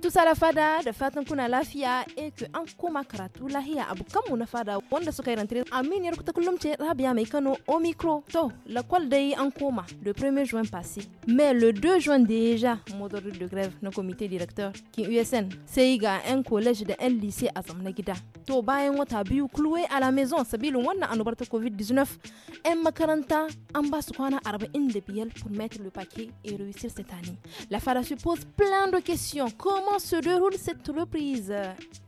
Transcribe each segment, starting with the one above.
tout ça la fada da fatan kuna lafiya e que an koma karatu lahiya abu kanmu na fada wanda suka yi rantare aminiyar pas ta kullum ce rabia mai kano au micro to lakwal dai en koma le 1er juin passé mais le 2 juin déjà modor de grève no comité directeur qui usn sai ga un de de un lycée à zamna gida to bayan wata biyu kulwe a la maison sabilin wannan annobar ta covid-19 yan makaranta an a kwana 45 pour mettre le paquet et réussir cette année la fada se pose plein de questions comme comment se déroule cette reprise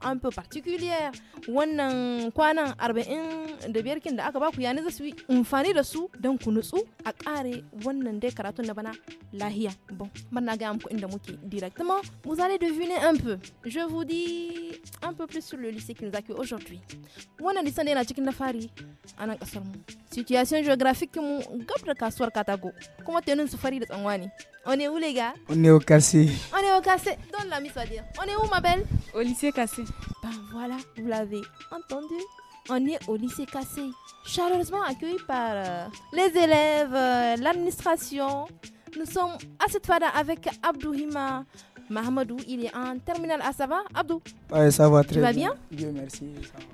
un peu particulière wannan kwanan 40 da biyar kin da aka baku yana zasu yi amfani da su don ku nutsu a kare wannan dai karatun na bana lahiya bon bana ga amku inda muke directement vous allez deviner un peu je vous dis un peu plus sur le lycée qui nous accueille aujourd'hui wannan lisan na cikin na fari anan kasar mu situation géographique mu gab da kasuwar katago kuma tenin su fari da tsanwani on est où les gars On est au cassé. On est au cassé. Donne la mise à dire. On est où ma belle Au lycée cassé. Ben voilà, vous l'avez entendu. On est au lycée cassé. Chaleureusement accueilli par euh, les élèves, euh, l'administration. Nous sommes à cette fois-là avec Abdouhima, Mahamadou, il est en terminal. à Sava. Abdou Oui, ça va très tu vas bien. Dieu merci.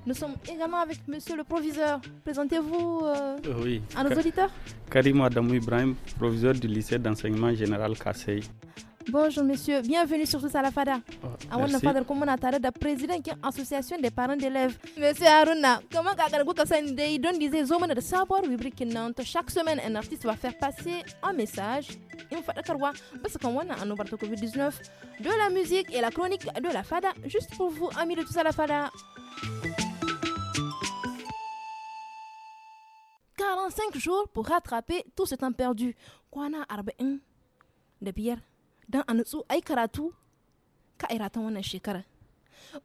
Nous sommes également avec monsieur le proviseur. Présentez-vous euh, euh, à nos auditeurs. Karim Adamou Ibrahim, proviseur du lycée d'enseignement général Kassei. Bonjour monsieur, bienvenue sur tous à la FADA. Oh, à la FADA, comment président de association des parents d'élèves. Monsieur Aruna, comment Kakaragou Kassan Day donne des hommes de savoir rubrique Nantes. Chaque semaine, un artiste va faire passer un message. Il faut d'accord parce qu'on a un de Covid-19 de la musique et la chronique de la FADA juste pour vous, amis de tous à la FADA. 45 jours pour rattraper tout ce temps perdu. Kwana Arbain de Pierre. Dans karatu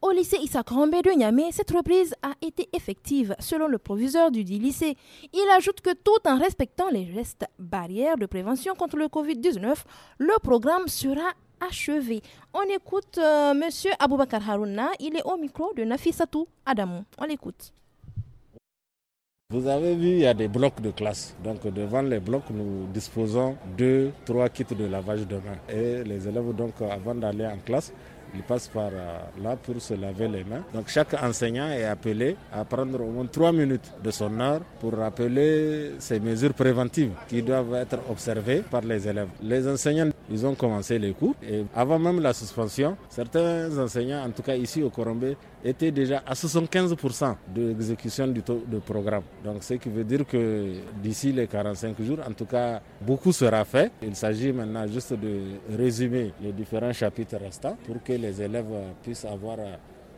Au lycée Issa Karambé de Nyame, cette reprise a été effective, selon le proviseur du dit lycée. Il ajoute que tout en respectant les gestes barrières de prévention contre le Covid-19, le programme sera achevé. On écoute M. Euh, Monsieur Aboubakar Harouna, il est au micro de Satou Adamou. On l'écoute. Vous avez vu, il y a des blocs de classe. Donc devant les blocs, nous disposons de trois kits de lavage de Et les élèves, donc, avant d'aller en classe, il passe par euh, là pour se laver les mains. Donc chaque enseignant est appelé à prendre au moins trois minutes de son heure pour rappeler ces mesures préventives qui doivent être observées par les élèves. Les enseignants, ils ont commencé les cours et avant même la suspension, certains enseignants, en tout cas ici au Corombe, étaient déjà à 75% de l'exécution du taux de programme. Donc ce qui veut dire que d'ici les 45 jours, en tout cas, beaucoup sera fait. Il s'agit maintenant juste de résumer les différents chapitres restants pour que les élèves euh, puissent avoir euh,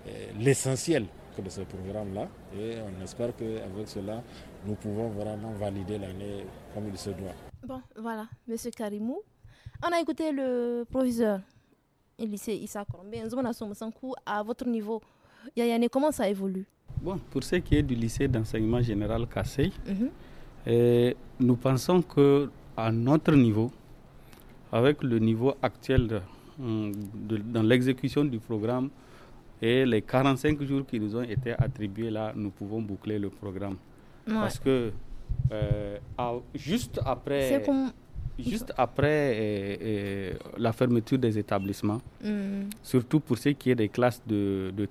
euh, l'essentiel de ce programme-là. Et on espère qu'avec cela, nous pouvons vraiment valider l'année comme il se doit. Bon, voilà, Monsieur Karimou. On a écouté le proviseur du lycée Issa Korombe. À votre niveau, Yayane, comment ça évolue Bon, pour ce qui est du lycée d'enseignement général Cassé, mhm. nous pensons que à notre niveau, avec le niveau actuel de Mm, dans l'exécution du programme et les 45 jours qui nous ont été attribués là, nous pouvons boucler le programme. Parce que euh, juste après, juste après euh, euh, la fermeture des établissements, mm. surtout pour ce qui est des classes de, de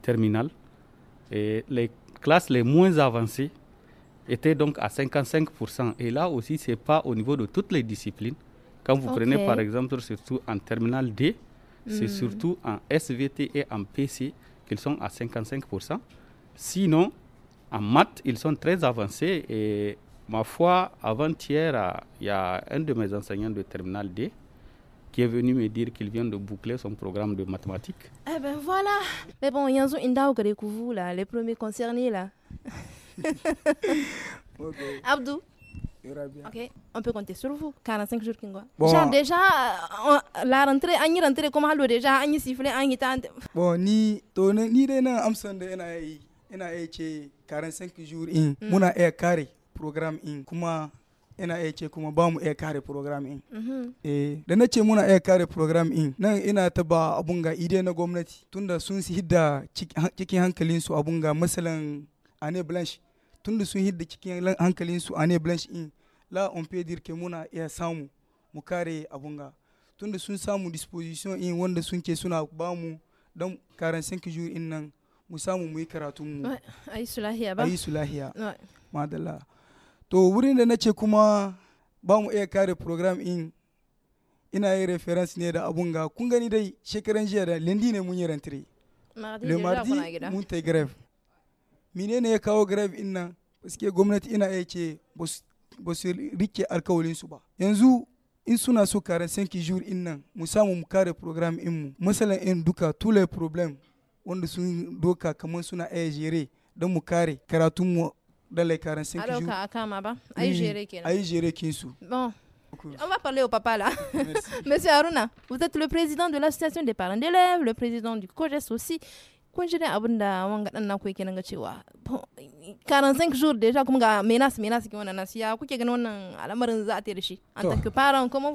et les classes les moins avancées étaient donc à 55%. Et là aussi, ce n'est pas au niveau de toutes les disciplines. Quand vous prenez par exemple, surtout en terminal D, c'est hmm. surtout en SVT et en PC qu'ils sont à 55%. Sinon, en maths, ils sont très avancés. Et ma foi, avant-hier, il y a un de mes enseignants de Terminal D qui est venu me dire qu'il vient de boucler son programme de mathématiques. Eh bien, voilà. Mais bon, Yanzo Indao vous là, les premiers concernés là. Abdou. Ok, on peut compter sur vous. 45 jours, Kingo. Bon. déjà, euh, la rentrée, rentrée, comment déjà, sifflé, on Bon, ni, ton, ni de na, 45 e, e jours in, mm. muna e carré program in, kuma ina e kuma ba mu programme program in. Mhm. Eh, da na muna programme. in, nan ina na gwamnati tunda sun si hidda Blanche tunda sun hidda cikin hankalinsu a ne blanche in la on peut dire que muna iya samu mu kare abun ga tunda sun samu disposition in wanda sun ke suna ba mu don karen sanki juri in nan mu samu mu yi karatun mu ayi su lahiya ba ayi su madalla to wurin da nace kuma ba mu iya kare program in ina yi reference ne da abun ga kun gani dai shekaran jiya da lendi ne mun yi rentre le mardi mun ta grève menene ya kawo grave in nan suke gwamnati ina iya ce ba su rike alkawalinsu ba yanzu in suna so kare sanki jur in nan mu samu mu kare program in mu masalan in duka tule problem wanda sun doka kamar suna iya jere don mu kare karatun mu dalai karen sanki jur alors ka akama ba ayi eh, jere kenan ayi jere kinsu bon On va parler au papa là. Merci. Monsieur Aruna, vous êtes le président de l'association des parents d'élèves, le président du COGES aussi. kun shi dai abin da wanga dan naku yake nan ga cewa karan san kishur da ya kuma ga menas menas ke wannan nasu ya kuke gani wannan al'amarin za a tere shi an tanki fara kuma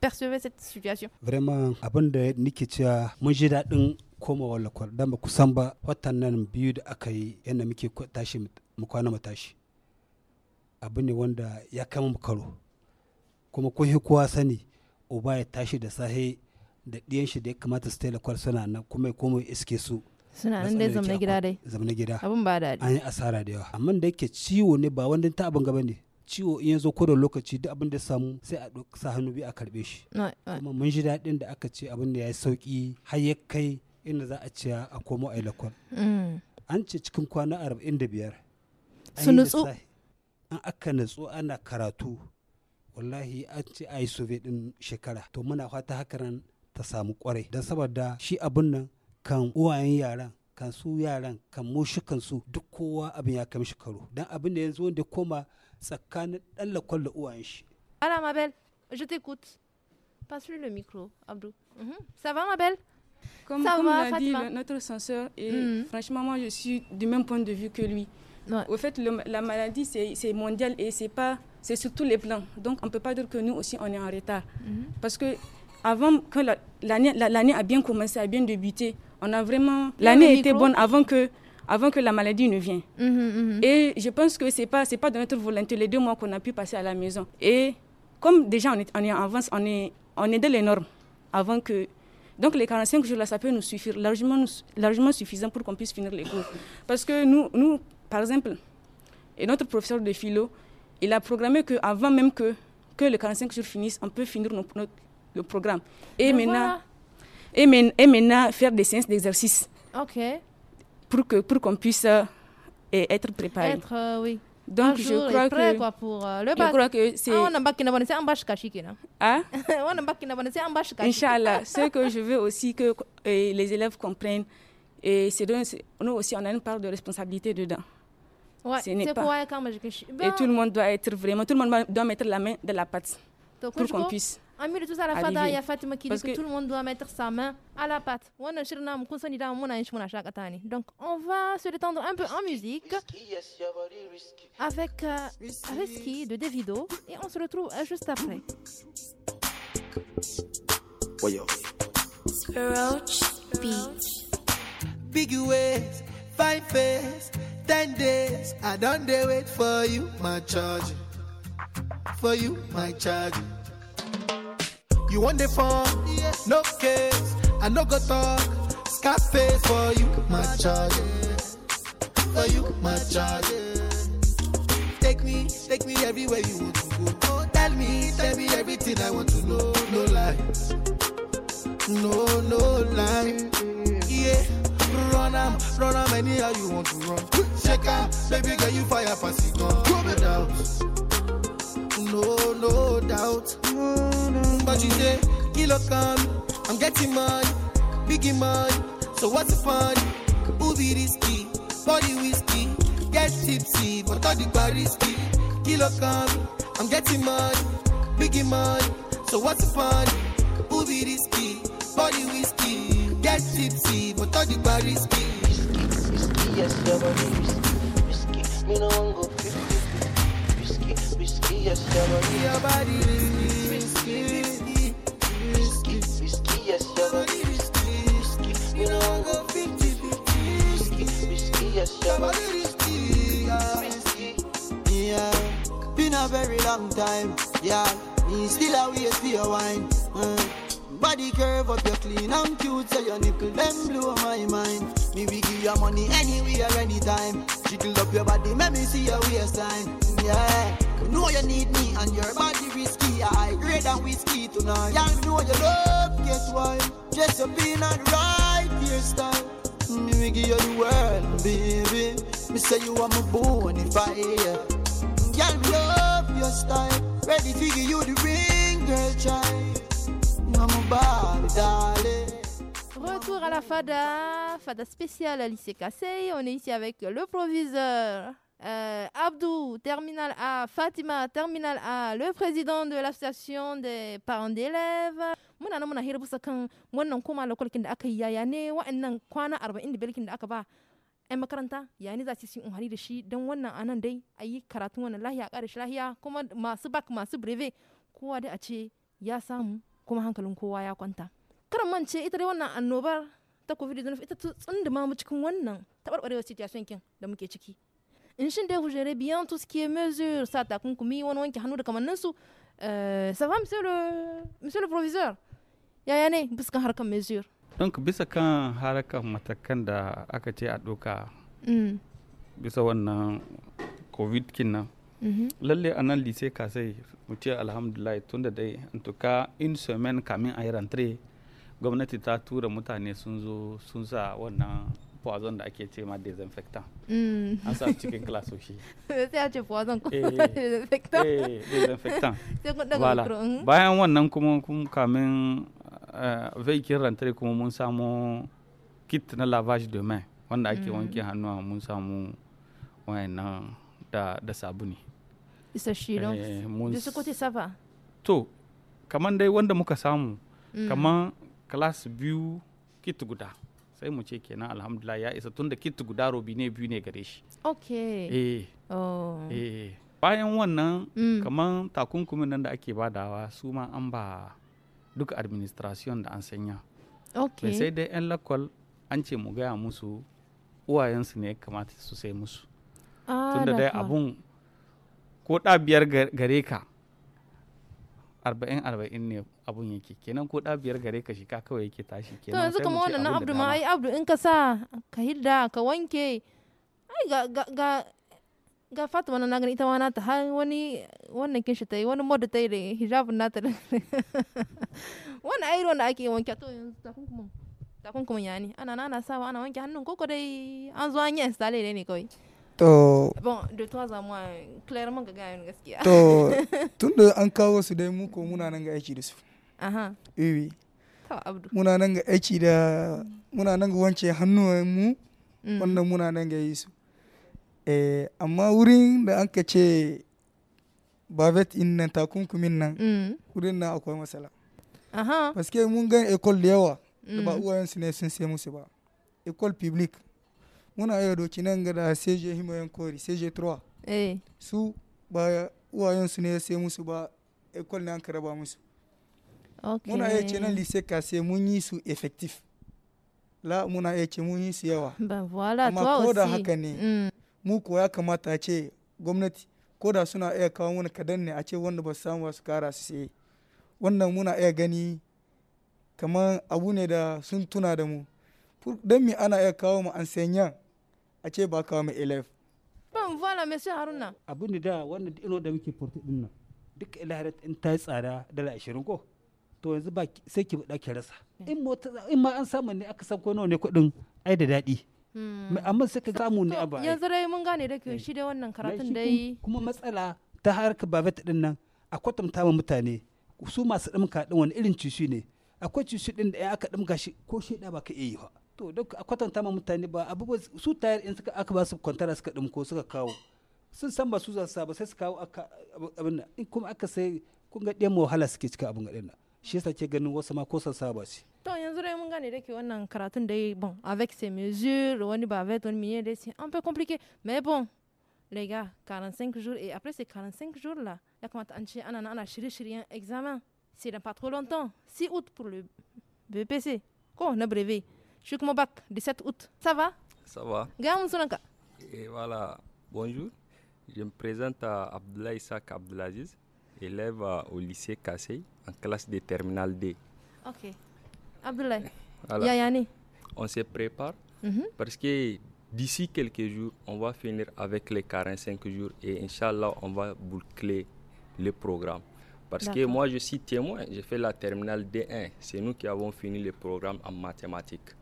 percevez cette situation vraiment abin da nake cewa mun ji daɗin wala lakwal dan ba kusan ba watan nan biyu da aka yi yadda muke tashi mu kwana mu tashi abu ne wanda ya kama mu karo kuma kun kowa sani uba ya tashi da sahe da ɗiyan shi da ya kamata su tailakwar suna nan kuma komai iske su suna nan dai zamna gida dai zamna gida abin ba daɗi an yi asara da yawa amma da yake ciwo ne ba wanda ta abin gaba ne ciwo in yanzu ko da lokaci duk abin da samu sai a sa hannu biyu a karɓe shi kuma mun ji daɗin da aka ce abin da ya yi sauƙi har ya kai inda za a ce a komo a lakwal mm. an ce cikin kwana arba'in da biyar su nutsu an aka nutsu ana karatu wallahi an ce a yi soviet din shekara to muna fata haka nan ta samu kwarai don saboda shi abun nan kan uwayen yaran kan su yaran kan mushi kansu duk kowa abin ya kai mishi karo don abin da yanzu wanda koma tsakanin ɗan lakwal da uwayen shi. Ala ma belle, je t'écoute. Passe-lui le micro, Abdou. Mm Ça va ma belle? Comme, comme l'a dit le, notre censeur, et mhm. franchement, moi je suis du même point de vue que lui. Ouais. Au fait, la maladie, c'est mondial et c'est pas, c'est sur tous les plans. Donc, on peut pas dire que nous aussi, on est en retard. Mhm. Parce que avant que l'année a bien commencé, a bien débuté. On a vraiment l'année était bonne avant que avant que la maladie ne vienne. Mhm, mhm. Et je pense que c'est pas c'est pas de notre volonté les deux mois qu'on a pu passer à la maison. Et comme déjà on est, en avance, on est on est dans les normes avant que donc les 45 jours là ça peut nous suffire largement largement suffisant pour qu'on puisse finir les cours. Parce que nous nous par exemple et notre professeur de philo il a programmé que avant même que que les 45 jours finissent, on peut finir nos, nos, programme. Et, ben maintenant, et, faire des séances d'exercice. OK. Pour que pour qu'on puisse euh, être préparé. Être, euh, oui. Donc, je crois, prêt, que, quoi, pour, euh, je crois que. Ah, c'est. Ah, ce que je veux aussi que les élèves comprennent, et c'est nous aussi, on a une part de responsabilité dedans. Ouais, ce n'est pas. et ben tout le monde doit être vraiment, tout le monde doit mettre la main de la patte pour qu'on puisse. Amir tout ça à la fada il y a Fatima qui dit que, que, tout le monde doit mettre sa main à la pâte. Donc on va se détendre un peu en musique avec euh, Risky de Davido et on se retrouve euh, juste après. Big ways, five face, ten days. I don't wait for you, my charge. For you, my charge. You want the phone? No case. I no go talk. Scarface for you, my charge. For you, my charge. Take me, take me everywhere you want to go. Oh, tell me, tell me everything I want to know. No lies. No, no lies. Yeah. Run am, run am anyhow you want to run. Shake am, baby girl you fire pass it on. No doubt, no no doubt. Mm. Cause you say, kilo come, I'm getting money, biggie money. So what's the fun? Ubi risky, body whiskey, get tipsy, but all the risky. Kilo come, I'm getting money, biggie money. So what's the fun? Ubi risky, body whiskey, get tipsy, but all the risky. Risky, risky, yes, double risky. Risky, me no go 50. Whiskey, whiskey, yes, sir. whiskey. Whiskey, whiskey, risky, risky, risky, risky, whiskey. Whiskey, whiskey, risky, you know go Whiskey, whiskey, risky, risky, yes, sir. whiskey. Whiskey, yeah. Been a very long time, yeah. Me still a waste for your wine. Mm. Body curve up, you're clean and cute, so your nickel them blow my mind. Me we give you money anywhere, anytime. Jiggle up your body, make me see your waistline. Yeah, you know you need me and your body risky. I grade than whiskey tonight. Yeah, you know you love, guess why? Just up in and right hairstyle. Me we give you the world, baby. Me say you are my bonfire. Girl, love your style. Ready to give you the ring, girl, child. Retour à la FADA, FADA spéciale à lycée Kassei. On est ici avec le proviseur euh, Abdou, Terminal A, Fatima, Terminal A, le président de l'association des parents d'élèves. muna nan muna hira bisa kan wannan koma lokal kin da aka yi yaya ne wa'annan kwana 40 da kin da aka ba ai makaranta ya ne za su yi unhari da shi don wannan anan dai a yi karatun wannan lahiya a ƙara lahiya kuma masu bak masu breve kowa dai a ce ya samu kuma hankalin kowa ya kwanta karan mance ita dai wannan annobar ta covid-19 ita tsunduma mu cikin wannan taɓarɓarewar situation kin da muke ciki in shin dai hujere biyan tout ce qui sa takunkumi wani wanke hannu da kamannin su eh, ça va monsieur le monsieur le proviseur yaya ne biskan harkar mesure donc bisa kan harkar matakan da aka ce a doka mm. bisa wannan covid kin nan Mhm. lalle a nan lise kasai mutu alhamdulillah tun da dai in tuka in semaine kamin a yi rantre gwamnati ta tura mutane sun zo sun sa wannan poison da ake ce ma disinfectant mm. an sa cikin klasoshi sai a ce poison ko disinfectant eh, eh desinfectant eh, mhm. bayan wannan kuma kamin eh, veikin rantre kuma mun samu kit na lavage de main wanda ake mm. wanke hannuwa mun samu nan da sabuni isasshe eh, don da su kote saba to kamar dai wanda muka samu mm. kamar klas biyu kit guda sai mu ce kenan alhamdulillah ya isa tun da kit guda robi ne biyu ne gare shi ok eh oh. eh bayan wannan mm. kamar takunkumin nan da ake badawa su ma an ba duka administration da an sanya okay. sai dai 'yan lakwal an ce mu gaya musu uwayensu ne kamata su sai musu ah, da dai abun ko ɗa biyar gare ka arba'in arba'in ne abun yake kenan ko ɗa biyar gare ka shi ka kawai yake tashi kenan to yanzu kamar wannan abdu ma ai abdu in ka sa ka hidda ka wanke ai ga ga ga ga fatima na gani ita ma nata har wani wannan kin shi ta yi wani mod ta yi da hijab nata da wani ai wanda ake wanke to yanzu takunkumin takunkumin ya ne ana nana sawa ana wanke hannun koko dai an zo an yi installe ne kawai to bon da tuwa zamuwa claire man gaga yin gaskiya to tun da an kawo su dai muko muna nan ga aiki da su aha iwi muna nan ga aiki da muna nan ga wance hannuwan mu hmm. wannan muna nan ga yi su eh amma wurin da an ka ce bavet in nan takunkumin nan wurin hmm. nan akwai matsala aha paske mun ga ecole da yawa da ba uwayensu ne sun sai musu ba ecole publique muna yau doki nan ga da seje himayen kori seje 3 eh su ba su ne ya sai musu ba ekol ne an ka musu muna iya ce nan lise ka sai mun yi su efektif la muna iya ce mun yi su yawa amma ko da haka ne mm. mu ko ya kamata ce gwamnati ko da suna iya kawo mana kadan ne a ce wanda ba su samu ba su kara su sai wannan muna iya gani kamar abu ne da sun tuna da mu don me ana iya kawo mu an sanyan a ce ba kawo mai elef ban vala mai sai haruna abin da wannan ino da muke furta din nan duk ilaharat in ta yi tsada dala ashirin ko to yanzu ba sai ki buɗa ki rasa hmm. in mota in ma an samu ne aka san ko nawa ne kuɗin ai da daɗi hmm. amma sai ka samu ne a ba yanzu dai mun gane da hmm. shi dai wannan karatun dai kuma matsala ta ba babet din nan a kwatanta ma mutane su masu ɗimka ɗin wani irin cishi ne akwai cishi ɗin da ya aka ɗimka shi ko shi shaida ba ka iya yi ba to duk a kwatanta ma mutane ba abubuwa su tayar in suka aka ba su kwantara suka dimko suka kawo sun san ba su za su ba sai su kawo abin nan in kuma aka sai kun ga ɗiyan wahala suke cika abin gaɗin nan shi yasa ke ganin wasu ma ko sassa ba ce. to yanzu dai mun gane dake wannan karatun da yi bon avec ces mesures wani ba avec wani miliyan dai un peu compliqué mais bon les gars 45 jours et après ces 45 jours là ya kamata an ce ana ana shirye-shiryen examen c'est dans pas trop longtemps 6 août pour le BPC ko na brevet je suis bac août. Ça va Ça va. Et voilà, bonjour. Je me présente à Abdoulaye Sak Abdelaziz, élève au lycée Kasey, en classe de terminale D. Ok. Abdoulaye, Yayani. On se prépare mhm. parce que d'ici quelques jours, on va finir avec les 45 jours et Inch'Allah, on va boucler le programme. Parce que moi, je suis témoin, j'ai fait la terminale D1. C'est nous qui avons fini le programme en mathématiques.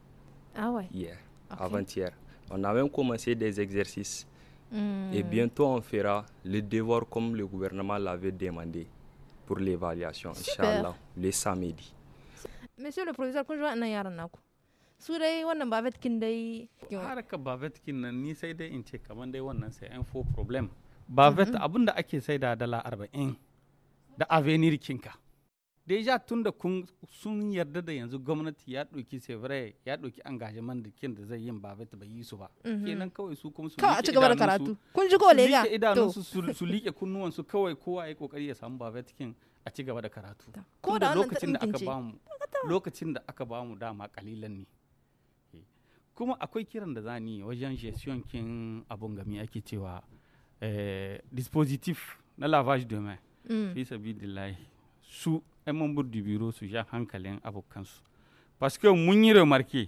Ah ouais Hier, avant-hier. On a même commencé des exercices. Hmm. Et bientôt, on fera le devoir comme le gouvernement l'avait demandé pour l'évaluation, Inch'Allah, le samedi. Monsieur le professeur, quand je vois surai wannan ba vetkin dai Har ka vetkin nan ni sai dai in ce un dai wannan sai an fo problem ba abunda mm-hmm. abinda ake sai da dala da avenir kinka deja tun da sun yarda da yanzu gwamnati ya ɗauki sevre ya ɗauki engagement da kin da zai yin ba bai ba yi su ba mhm. kenan kawai su kuma su liƙe a ci gaba da karatu kun ji ko lega idanunsu su liƙe kunnuwansu kawai kowa ya kokari ya samu ba kin a ci gaba da karatu ko da lokacin da aka bamu lokacin da aka bamu dama kalilan ne eh. kuma akwai kiran da zani wajen gestion kin abun gami ake cewa eh, dispositif na lavage de main mm. fi sabilillahi su 'yan mambar da biro su ja hankalin abokansu paske mun yi remarke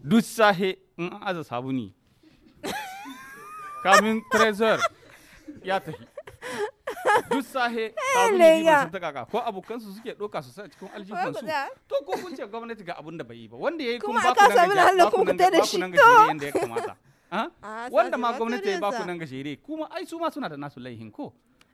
duk sahe in an aza sabuni kamin trezor ya tafi duk sahe sabuni ba sun kaka ko abokansu suke ɗauka su sai cikin aljihunsu to ko kun ce gwamnati ga abin da bai yi ba wanda ya yi kun ba ku nan gajere yadda ya kamata ah? Ah, wanda ma gwamnati ya ba ku nan gajere kuma ai su ma suna da nasu laihin ko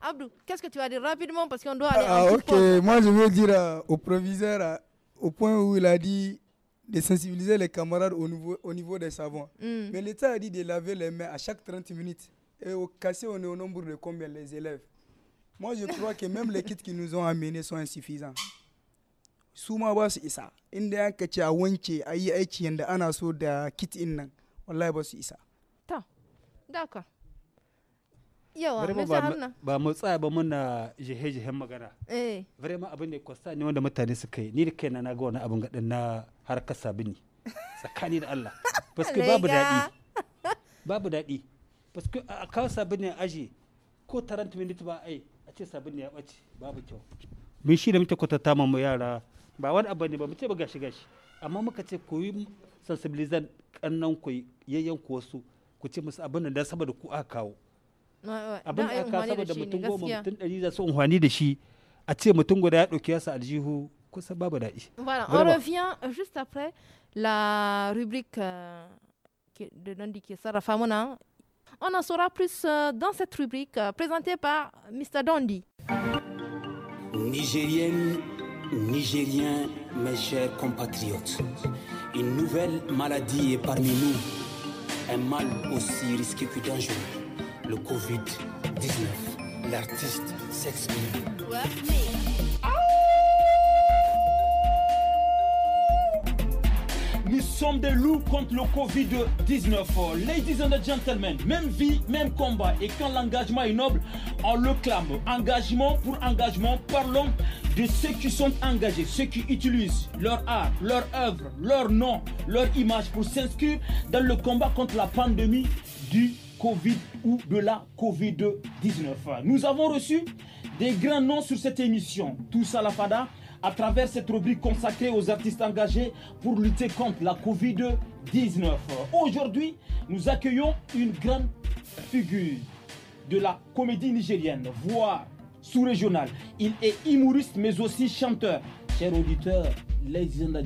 Abdou, qu'est-ce que tu vas dire rapidement parce qu'on doit aller ah, Ok, moi je veux dire euh, au proviseur, euh, au point où il a dit de sensibiliser les camarades au niveau, au niveau des savons. Hmm. Mais l'État a dit de laver les mains à chaque 30 minutes. Et au cassé, on est au nombre de combien les élèves Moi je crois que même les kits qui nous ont amenés sont insuffisants. Souma ba ça, inda yanka a wanke a aiki qui ana so da kit On nan, wallahi c'est ça. D'accord. yawa mai ji hannu ba mu tsaya ba muna jihe-jihen magana eh vraiment abin da kwasta ne wanda mutane suka yi ni da kaina na ga wani abin gaɗin na harkar sabini tsakani da Allah paske babu daɗi babu daɗi paske a kawo sabini aji ko 30 minutes ba ai a ce sabini ya ɓace babu kyau mun shi da muke kwatanta mu yara ba wani abu ne ba mu ce ba gashi gashi amma muka ce ku yi sensibilizan ƙannan ku yayyanku wasu ku ce musu abin da saboda ku aka kawo Voilà, on revient euh, juste après la rubrique euh, de Nandi qui Famona. On en saura plus euh, dans cette rubrique présentée par Mr. Dondi. Nigérienne, Nigérien, mes chers compatriotes, une nouvelle maladie est parmi nous, un mal aussi risqué que dangereux le Covid-19. L'artiste s'exprime. Nous sommes des loups contre le Covid-19. Ladies and gentlemen, même vie, même combat. Et quand l'engagement est noble, on le clame. Engagement pour engagement, parlons de ceux qui sont engagés, ceux qui utilisent leur art, leur œuvre, leur nom, leur image pour s'inscrire dans le combat contre la pandémie du Covid ou de la Covid-19. Nous avons reçu des grands noms sur cette émission. Tous à la FADA à travers cette rubrique consacrée aux artistes engagés pour lutter contre la Covid-19. Aujourd'hui, nous accueillons une grande figure de la comédie nigérienne, voire sous-régionale. Il est humoriste mais aussi chanteur. Chers auditeurs, les and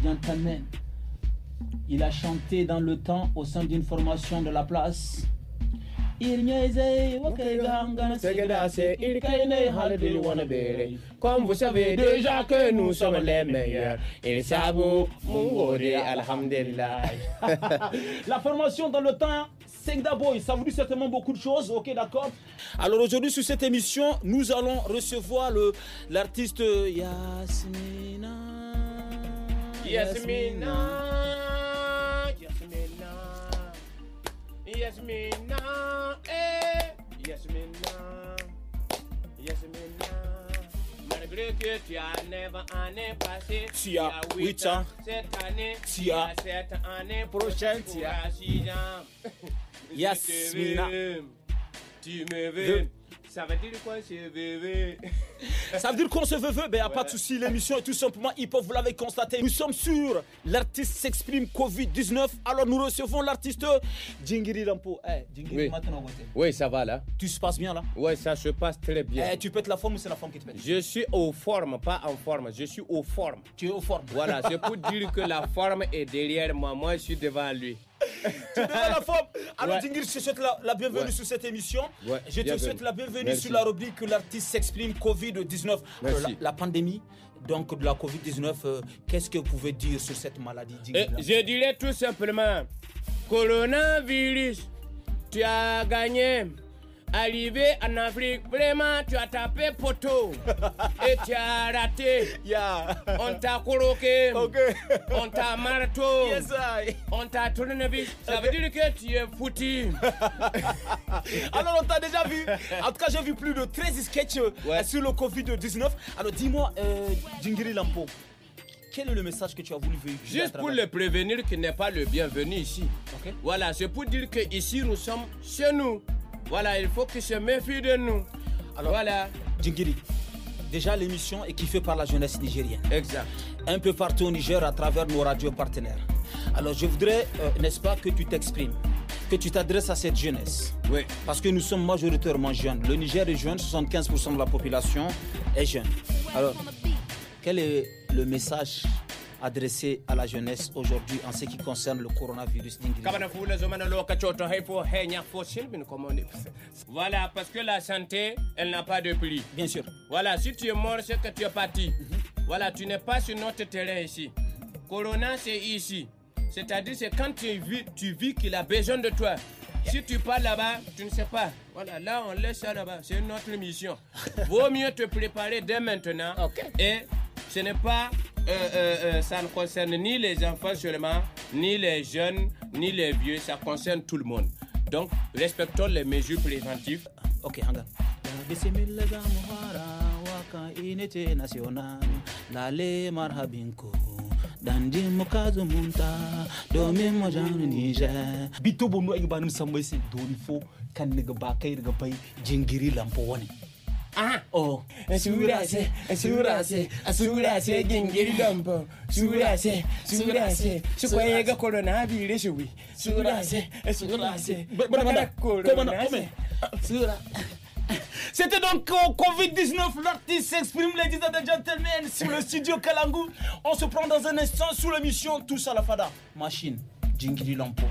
il a chanté dans le temps au sein d'une formation de la place. Comme vous savez déjà que nous sommes les meilleurs, ils alhamdulillah. La formation dans le temps, Segda Boy, ça dit certainement beaucoup de choses, ok d'accord Alors aujourd'hui sur cette émission, nous allons recevoir l'artiste Yasmina. Yasmina. Yes, me now. Eh. Yes, me now. Yes, me now. Tia never ane passe Tia wita Setane eh. Tia setane Proshentia Yes, Mina Tu me veux Ça veut dire quoi, c'est bébé Ça veut dire qu'on se veut, veut, ben, y a pas de souci. L'émission est tout simplement hip-hop, vous l'avez constaté. Nous sommes sur l'artiste s'exprime Covid-19. Alors nous recevons l'artiste Djingiri Rampo. Eh, oui. Oui, ça va là. Tu se passes bien là Oui, ça se passe très bien. Eh, tu pètes la forme ou c'est la forme qui te pète Je suis aux formes, pas en forme. Je suis aux formes. Tu es aux formes. Voilà, c'est pour dire que la forme est derrière moi. Moi, je suis devant lui tu devais la forme. Alors, Dingir, je te souhaite la, bienvenue sur cette émission. Je te souhaite la bienvenue sur la rubrique L'artiste s'exprime Covid-19. Euh, la, pandémie donc de la Covid-19, euh, qu'est-ce que vous pouvez dire sur cette maladie Dingir, eh, Je dirais tout simplement coronavirus, tu as gagné. Arrivé en Afrique, vraiment, tu as tapé poteau et tu as raté. On t'a coloqué, on t'a marteau, yes, I... on t'a tourné Ça veut dire que tu es foutu. Alors, on t'a déjà vu. En tout cas, j'ai vu plus de 13 sketchs euh, sur le Covid-19. Alors, dis-moi, euh, Lampo, quel est le message que tu as voulu véhiculer Juste pour le prévenir qu'il n'est pas le bienvenu ici. Voilà, c'est pour dire que ici nous sommes chez nous. Voilà, il faut qu'ils se méfient de nous. Alors, voilà. Djingiri, déjà l'émission est kiffée par la jeunesse nigérienne. Exact. Un peu partout au Niger à travers nos radios partenaires. Alors je voudrais, euh, n'est-ce pas, que tu t'exprimes, que tu t'adresses à cette jeunesse. Oui. Parce que nous sommes majoritairement jeunes. Le Niger est jeune, 75% de la population est jeune. Alors, quel est le message adressé à la jeunesse aujourd'hui en ce qui concerne le coronavirus. Voilà, parce que la santé, elle n'a pas de prix. Bien sûr. Voilà, si tu es mort, c'est que tu es parti. Mhm. Voilà, tu n'es pas sur notre terrain ici. Corona, c'est ici. C'est-à-dire, c'est quand tu vis, tu vis qu'il a besoin de toi. Si tu pars là-bas, tu ne sais pas. Voilà, là, on laisse ça là-bas. C'est notre mission. Vaut mieux te préparer dès maintenant. ok Et ce n'est pas, euh, euh, euh, ça ne concerne ni les enfants seulement, ni les jeunes, ni les vieux, ça concerne tout le monde. Donc, respectons les mesures préventives. Ok, Anga. dandi mukazo munta domin mu janu nije bito bonu ayi banim sambai sai doni fo kan niga ba kai daga bai jingiri lampo wani ah. oh, c'était donc au euh, Covid-19, l'artiste s'exprime, ladies and gentlemen, sur le studio Kalangu. On se prend dans un instant sous la mission Tous à la Fada. Machine, Jingiri Lampo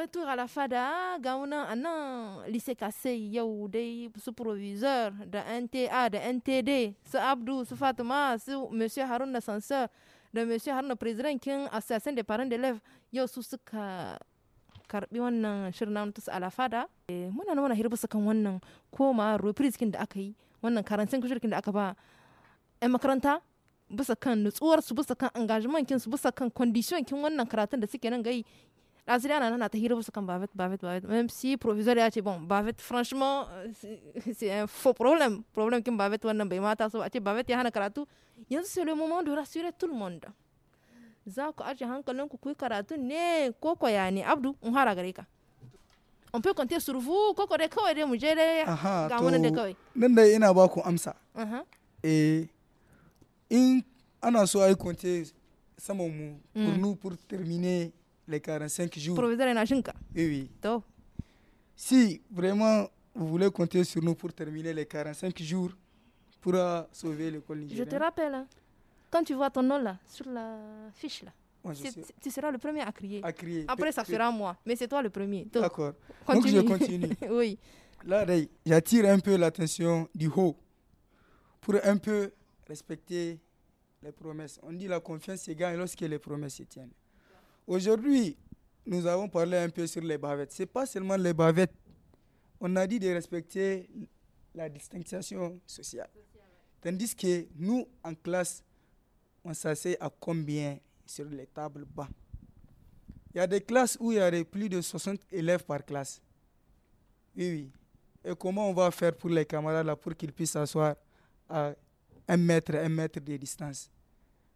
retour à la fada gauna anan lycée kase yau dai su proviseur da NTA de NTD su Abdou su Fatuma su monsieur Haruna Sanseur da monsieur Haruna président qui kin assassin des parents d'élèves yau su suka karbi wannan shirin namu tusu à la fada muna nan muna hirba su kan wannan koma reprise kin da aka yi wannan Et ma da aka ba 'yan makaranta bisa kan nutsuwarsu bisa engagement kinsu bisa kan condition kin wannan karatun da suke nan gai L'Azélie, elle a dit Bavette, Bavette, Bavette. Même si proviseur a Bon, bavet, franchement, c'est un faux problème. Problème que Bavette, on a dit Bavette, il y a un karatu. C'est le moment de rassurer tout le monde. Zako, Aji, ah, Hankalon, Kukui, Karatu, Ne, Koko, Yani, Abdou, on a la on peut compter sur vous koko dai kawai dai mu je dai ga wani da kawai nan ina ba ku amsa eh in ana so ai kwance saman pour mm. nous pour terminer les 45 jours. Eh oui, oui. Si vraiment vous voulez compter sur nous pour terminer les 45 jours pour euh, sauver l'école Je te rappelle, hein, quand tu vois ton nom là, sur la fiche là, tu seras le premier à crier. À Après, ça sera moi, mais c'est toi le premier. D'accord. Donc, je continue. oui. Là, j'attire un peu l'attention du haut pour un peu respecter les promesses. On dit la confiance se gagne lorsque les promesses se tiennent. Aujourd'hui, nous avons parlé un peu sur les bavettes. Ce n'est pas seulement les bavettes. On a dit de respecter la distinction sociale. Tandis que nous, en classe, on s'assied à combien sur les tables bas Il y a des classes où il y a plus de 60 élèves par classe. Oui, oui. Et comment on va faire pour les camarades là, pour qu'ils puissent s'asseoir à un mètre, un mètre de distance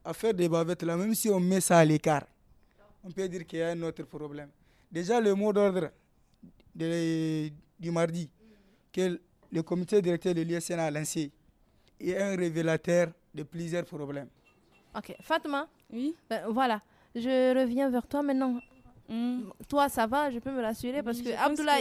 À faire des bavettes là, même si on met ça à l'écart, on peut dire qu'il y a un autre problème. Déjà, le mot d'ordre du mardi que le comité directeur de l'ISN a lancé est un révélateur de plusieurs problèmes. Ok. Fatma Oui. Ben, voilà. Je reviens vers toi maintenant. Hmm. Toi, ça va, je peux me rassurer parce que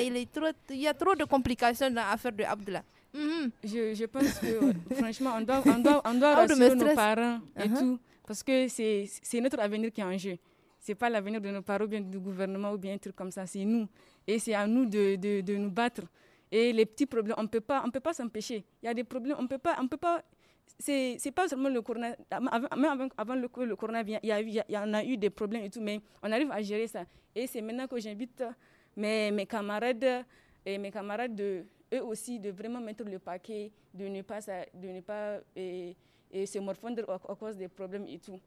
il, est trop, il y a trop de complications dans l'affaire de Abdullah. Mhm. je, je, pense que, franchement, on doit, on doit, on doit rassurer nos parents et uh-huh. tout parce que c'est notre avenir qui est en jeu c'est pas l'avenir de nos parents, bien du gouvernement ou bien un truc comme ça, c'est nous. Et c'est à nous de, de, nous battre. Et les petits problèmes, on peut pas, on peut pas s'empêcher. Il y a des problèmes, on peut pas, on peut pas. C'est, c'est pas seulement le corona. avant, le, le il y, en a eu des problèmes et tout, mais on arrive à gérer ça. Et c'est maintenant que j'invite mes, mes camarades et mes camarades de, eux aussi de vraiment mettre le paquet, de ne pas, de ne pas et, se morfondre à cause des problèmes et tout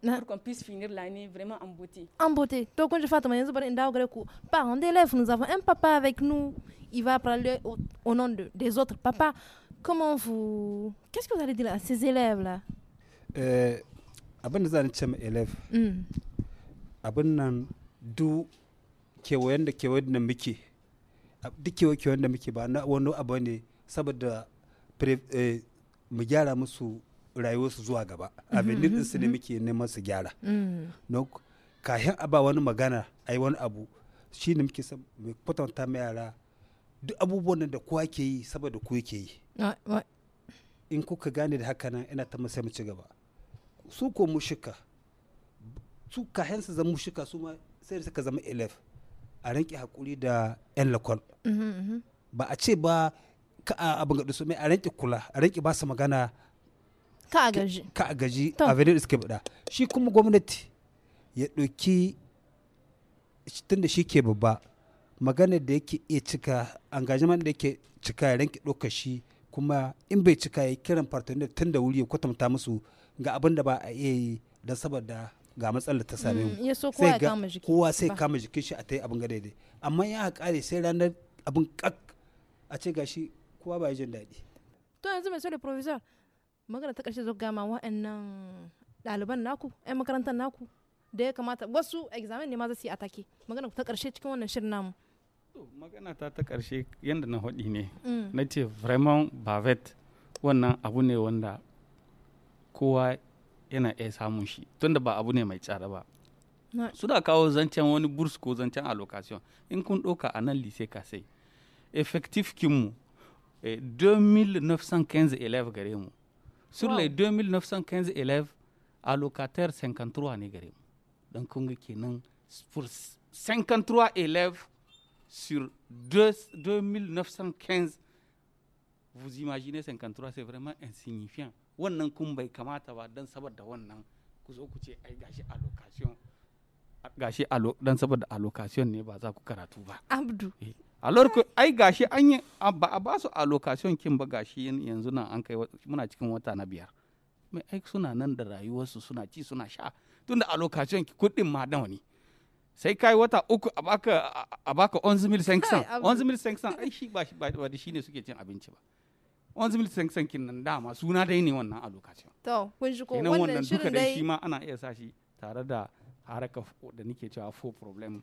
pour qu'on puisse finir l'année vraiment en beauté. En beauté. Donc, quand je fais parents d'élèves, nous avons un papa avec nous. Il va parler au, nom de, des autres. papas. comment vous. Qu'est-ce que vous allez dire à ces élèves-là euh, Avant allions dire élèves, avant de du kewayen da kewayen da muke duk kewayen da muke ba na wani abu ne saboda eh, mu gyara musu rayuwarsu zuwa gaba abin din su ne mm-hmm. muke neman su gyara mm. don kayan a ba wani magana a yi wani abu shi ne muke kwatanta mai yara duk abubuwan da kowa ke yi saboda ku ke yi in kuka gane da haka nan ina ta masai mu ci gaba su ko mushika su kayan su zama mushika su ma sai suka zama elef a rinke hakuri da yan lakon mm-hmm, mm-hmm. ba a ce ba abin ga su mai a rinke kula a rinke ba su magana ka a gaji a gaji a da suke buɗa shi kuma gwamnati ya ɗauki tun da shi ke babba maganar da yake iya cika engagement da yake cika ya ranke ɗaukar shi kuma in bai cika ya kiran partner tun da wuri ya kwatanta musu ga abin da ba a iya yi don saboda ga matsalar ta same mu mm, sai ga kowa sai kama jikin shi a ta yi abin gada daidai amma ya ne sai ranar abin kak a ce gashi kowa ba ya jin daɗi to yanzu mai so da provisor magana ta ƙarshe zogga ma wa'annan ɗaliban naku 'yan makarantar naku da ya kamata wasu examen ne ma za su yi atake magana ta ƙarshe cikin wannan shirin namu magana ta ta ƙarshe yadda na haɗi ne mm. na ce vraiment bavet wannan abu ne wanda kowa yana iya samun shi tunda ba abu ne mai tsada ba suna kawo zancen wani burs ko zancen allocation in kun ɗauka a nan lise ka sai effective kinmu 2915 eh, 11 gare mu Sur les 2915 élèves, allocataires 53 ne pour 53 élèves sur 2, 2915 vous imaginez 53 c'est vraiment insignifiant wannan kun bai kamata ba don saboda wannan ku zo ku ce ai gashi allocation gashi allo dan saboda allocation ne ba za ku karatu ba abdu eh. a lorkun ai gashi an yi ba a ba su allocation kin ba gashi yanzu nan an kai muna cikin wata na biyar mai ai suna nan da rayuwarsu suna ci suna sha tunda allocation kuɗin ma nawa ne sai kai wata uku a baka a baka 11500 11500 ai shi ba shi ba shine suke cin abinci ba wanzu mil sankin nan dama suna dai ne wannan a lokacin. To, kun shi ko wannan shirin dai. duka dai shi ma ana iya sa shi tare da haraka da nake cewa fo problem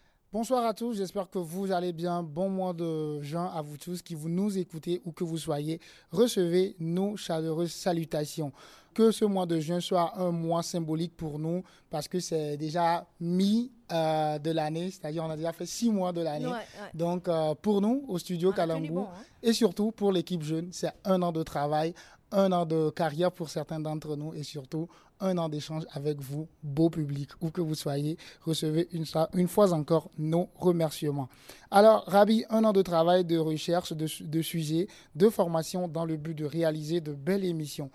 Bonsoir à tous, j'espère que vous allez bien. Bon mois de juin à vous tous qui vous nous écoutez ou que vous soyez. Recevez nos chaleureuses salutations. Que ce mois de juin soit un mois symbolique pour nous parce que c'est déjà mi euh, de l'année, c'est-à-dire on a déjà fait six mois de l'année. Donc euh, pour nous au studio Kalambu hein. et surtout pour l'équipe jeune, c'est un an de travail, un an de carrière pour certains d'entre nous et surtout un an d'échange avec vous, beau public, où que vous soyez. Recevez une, une fois encore nos remerciements. Alors, Rabi, un an de travail, de recherche, de, sujets, de formation dans le but de réaliser de belles émissions.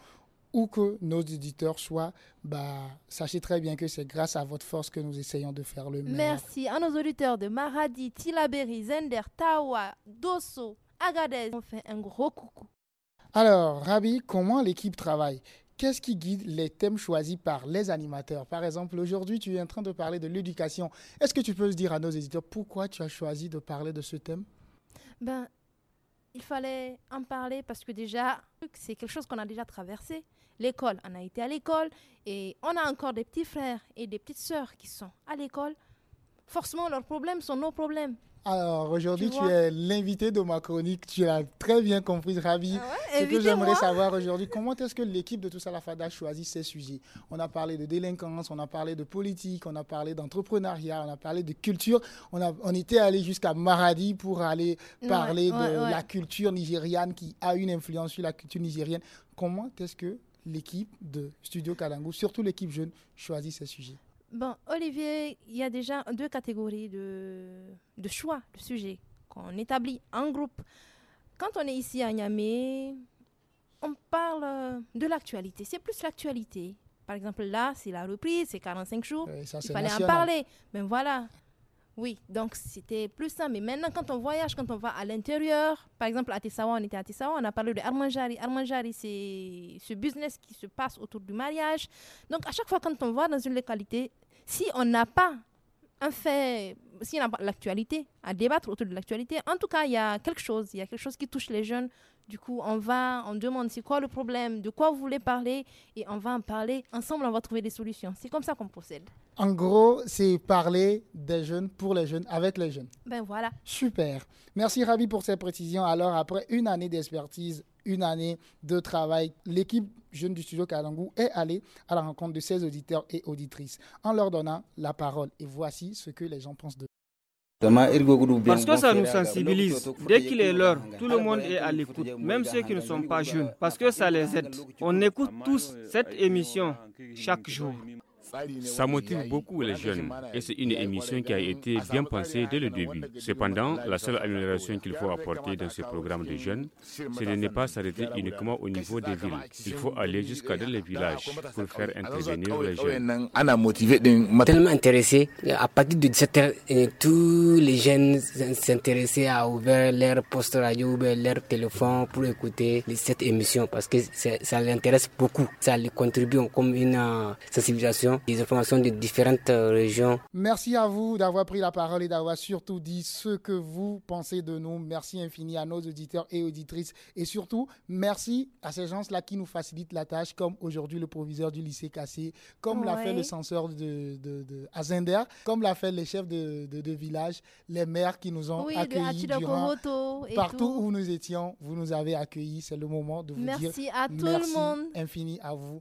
Où que nos éditeurs soient, bah, sachez très bien que c'est grâce à votre force que nous essayons de faire le meilleur. Merci à nos auditeurs de Maradi, Tilaberi, Zender, Tawa, Dosso, Agadez. On fait un gros coucou. Alors, Rabi, comment l'équipe travaille Qu'est-ce qui guide les thèmes choisis par les animateurs Par exemple, aujourd'hui, tu es en train de parler de l'éducation. Est-ce que tu peux dire à nos éditeurs pourquoi tu as choisi de parler de ce thème Ben, il fallait en parler parce que déjà, c'est quelque chose qu'on a déjà traversé. L'école, on a été à l'école et on a encore des petits frères et des petites sœurs qui sont à l'école. Forcément, leurs problèmes sont nos problèmes. Alors aujourd'hui, tu, es l'invité de ma chronique. Tu l'as très bien compris, Ravi. Ah ce que j'aimerais savoir aujourd'hui, comment est-ce que l'équipe de Tous Fada choisit ses sujets On a parlé de délinquance, on a parlé de politique, on a parlé d'entrepreneuriat, on a parlé de culture. On, a, on était allé jusqu'à Maradi pour aller parler de la culture nigériane qui a une influence sur la culture nigérienne. Comment est-ce que l'équipe de Studio Kalangu, surtout l'équipe jeune, choisit ces sujets Bon, Olivier, il y a déjà deux catégories de, choix de sujets qu'on établit en groupe. Quand on est ici à Niamey, on parle euh, de l'actualité. C'est plus l'actualité. Par exemple, là, c'est la reprise, c'est 45 jours. il fallait en parler. Mais ben voilà, oui, donc c'était plus ça. Mais maintenant, quand on voyage, quand on va à l'intérieur, par exemple à Tessawa, on était à Tessawa, on a parlé de Armanjari. Armanjari, c'est ce business qui se passe autour du mariage. Donc à chaque fois, quand on va dans une localité, si on n'a pas un fait, si on n'a pas l'actualité, à débattre autour de l'actualité, en tout cas, il y a quelque chose, il y a quelque chose qui touche les jeunes. Du coup, on va, on demande c'est quoi le problème, de quoi vous voulez parler, et on va en parler. Ensemble, on va trouver des solutions. C'est comme ça qu'on procède. En gros, c'est parler des jeunes pour les jeunes, avec les jeunes. Ben voilà. Super. Merci Ravi pour ces précisions. Alors, après une année d'expertise, une année de travail, l'équipe jeune du studio Kalangou est allée à la rencontre de ses auditeurs et auditrices en leur donnant la parole. Et voici ce que les gens pensent de parce que ça nous sensibilise. Dès qu'il est l'heure, tout le monde est à l'écoute, même ceux qui ne sont pas jeunes, parce que ça les aide. On écoute tous cette émission chaque jour. Ça motive beaucoup les jeunes et c'est une émission qui a été bien pensée dès le début. Cependant, la seule amélioration qu'il faut apporter dans ce programme de jeunes, c'est de ne pas s'arrêter uniquement au niveau des villes. Il faut aller jusqu'à dans les villages pour faire intervenir les jeunes. Tellement intéressé, à partir de 17 euh, tous les jeunes s'intéressaient à ouvrir leur poste radio, leur téléphone pour écouter cette émission parce que ça les intéresse beaucoup. Ça les contribue comme une euh, sensibilisation des informations de différentes euh, régions. Merci à vous d'avoir pris la parole et d'avoir surtout dit ce que vous pensez de nous. Merci infini à nos auditeurs et auditrices. Et surtout, merci à ces gens-là qui nous facilitent la tâche, comme aujourd'hui le proviseur du lycée Cassé, comme l'a fait le censeur de, de, Azender, comme l'a fait les chefs de, village, les maires qui nous ont accueillis partout où nous étions. Vous nous avez accueillis. C'est le moment de vous merci dire à tout le monde. infini à vous.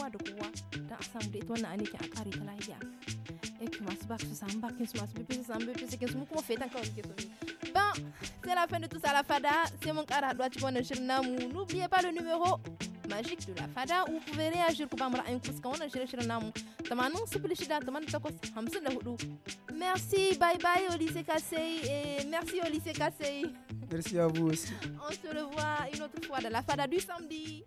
kowa da kowa don a samu da ita wannan anikin a kare ta lahiya et eh, masu bak su samu bakin su masu bibi su samu bibi su kinsu mu kuma fetan kawai muke so Bon, c'est la fin de tout ça la fada. C'est mon cara doit tu N'oubliez pas le numéro magique de la fada où vous pouvez réagir pour pas me parce qu'on a géré chez Namu. Tamanon, c'est plus chida, taman takos, hamsin la houdou. Merci, bye bye au lycée Kassei et eh, merci au lycée Kassei. Merci à vous aussi. On se revoit une autre fois de la fada du samedi.